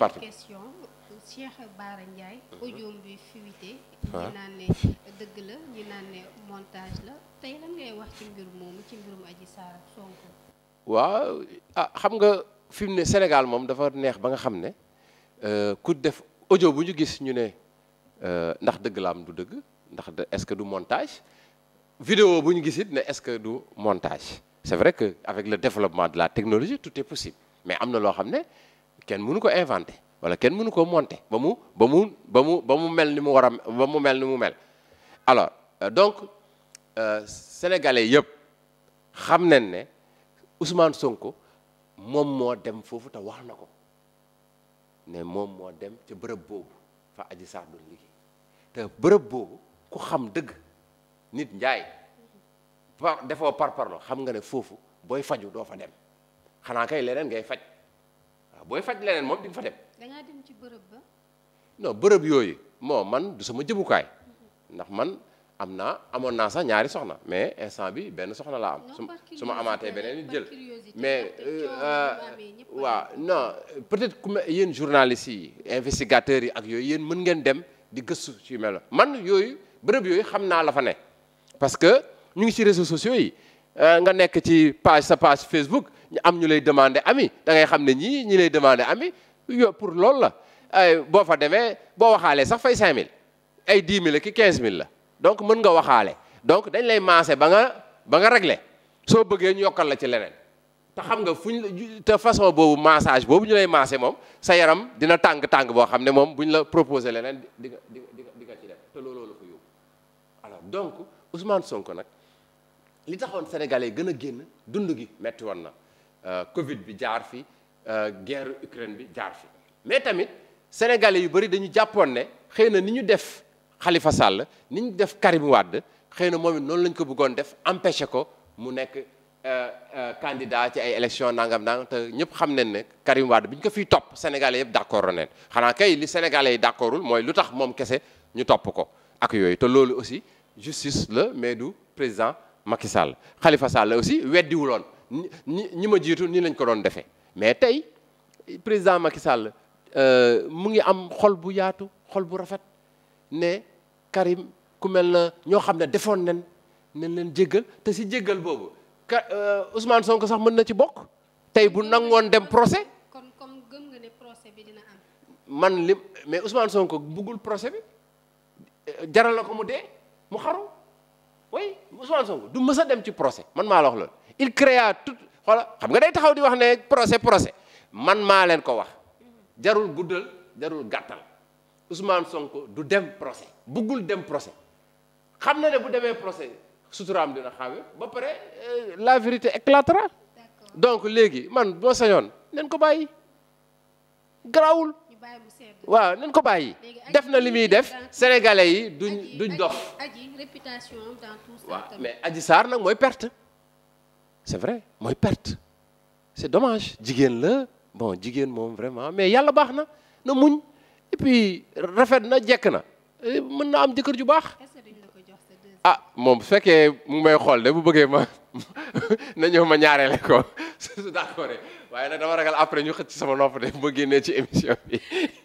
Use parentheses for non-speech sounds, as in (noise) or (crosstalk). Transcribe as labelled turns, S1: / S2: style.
S1: parti Cheikh Bara Ndiaye audio mhm. bi fuité ñi naan ne dëgg la ñi naan ne montage la tey lan ngay wax ci mbir moomu ci mbirum Adji Sarr ak waaw ah xam nga fi ne Sénégal moom dafa neex ba nga xam ne euh, ku def audio bu ñu gis ñu ne euh, ndax dëgg la am du dëgg ndax est-ce que du montage vidéo bu ñu gis it ne est-ce que du montage c'est vrai que avec le développement de la technologie tout est possible mais am na loo xam ne kenn mënu ko inventé wala kenn mënu ko monté ba mu ba mu ba mu ba mu mel ni mu war a ba mu mel ni mu mel alors euh, donc euh, sénégalais yëpp xam nañ ne Ousmane Sonko moom moo dem foofu te wax na ko ne moom moo dem ca bërëb boobu fa Adji Sarr doon liggéey te bërëb boobu ku xam dëgg nit njaay par defoo par parlo xam nga ne foofu booy faju doo fa dem xanaa kay leneen ngay faj booy faj leneen moom di nga fa dem. da bërëb yooyu moo man du sama jëbukaay ndax man am naa amoon naa sax ñaari soxna mais instant bi benn soxna laa am su su ma amaatee beneen jël mais euh, waa non peut-être ku yéen journalistes yi investigateurs yi ak yooyu yéen mën ngeen dem di gëstu ci melo man yooyu bërëb yooyu xam naa la fa ne parce que ñu ngi ci réseaux sociaux yi euh, nga nekk ci page sa page Facebook ñu am ñu lay demandé ami da xam ne ñii ñi lay demandé ami yo pour loolu la boo fa demee boo waxaalee sax fay 5000 ay 10 000 ki 15 000 la donc mën nga waxaale donc dañ lay maase ba nga ba nga réglé soo bëggee ñu yokkal la ci leneen te xam nga fuñ te façon boobu massage boobu ñu lay maase moom sa yaram dina tàng tàng boo xam ne moom buñ la proposé leneen di nga nga di nga te looloo la ko donc Ousmane Sonko nag li taxoon sénégalais gën a génn dund gi metti woon na. Euh, Covid bi jaar fi euh, guerre Ukraine bi jaar fi mais tamit sénégalais yu bëri dañu jàppoon ne xëy na ni ñu def xalifa Sall ni ñu def Karim Wade xëy na moom it noonu lañ ko bëggoon def empêché ko mu nekk euh, candidat ci ay élection nangam nangam te ñëpp xam nañ ne Karim Wade bi ñu ko fiy topp sénégalais yëpp d' accord neen xanaa kay li sénégalais yi d' mooy lu tax moom kese ñu topp ko ak yooyu te loolu aussi justice la mais du président Macky Sall Khalifa Sall aussi weddiwuloon ni ñi ma jiitu nii lañ ko doon defee mais tey président Macky Sall euh, mu ngi am xol bu yaatu xol bu rafet ne Karim ku mel na ñoo xam ne defoon nen nañ leen jéggal te si jéggal boobu ka euh, Ousmane Sonko sax mën na ci bokk tey bu nangoon dem procès. kon comme gëm nga ne procès bi dina am. man li mais Ousmane Sonko buggul procès bi jaral na ko mu dee mu xaru oui Ousmane du mës a dem ci procès man maa la il créa tout xoola xam nga day taxaw di wax ne procès procès man maa leen ko wax jarul guddal jarul gàttal Ousmane Sonko du dem procès buggul dem procès xam na ne bu demee procès suturaam dina xawee ba pare euh, la vérité éclatera donc léegi man boo sañoon nañ ko bàyyi garawul waa nañ ko bàyyi def na li muy def sénégalais yi duñ duñ dof waaw mais Adji Sarr nag mooy perte c'est vrai mooy perte c'est dommage jigéen la bon jigéen moom vraiment mais yàlla baax na na muñ et rafet na jekk na mën na am jëkkër ju baax ah moom bu fekkee mu may xool de bu bëggee ma (laughs) na ñëw ma ñaareele ko
S2: su (laughs) d'accord
S1: waaye nag dama ragal après ñu xëcc sama nopp de boo génnee ci émission bi (laughs)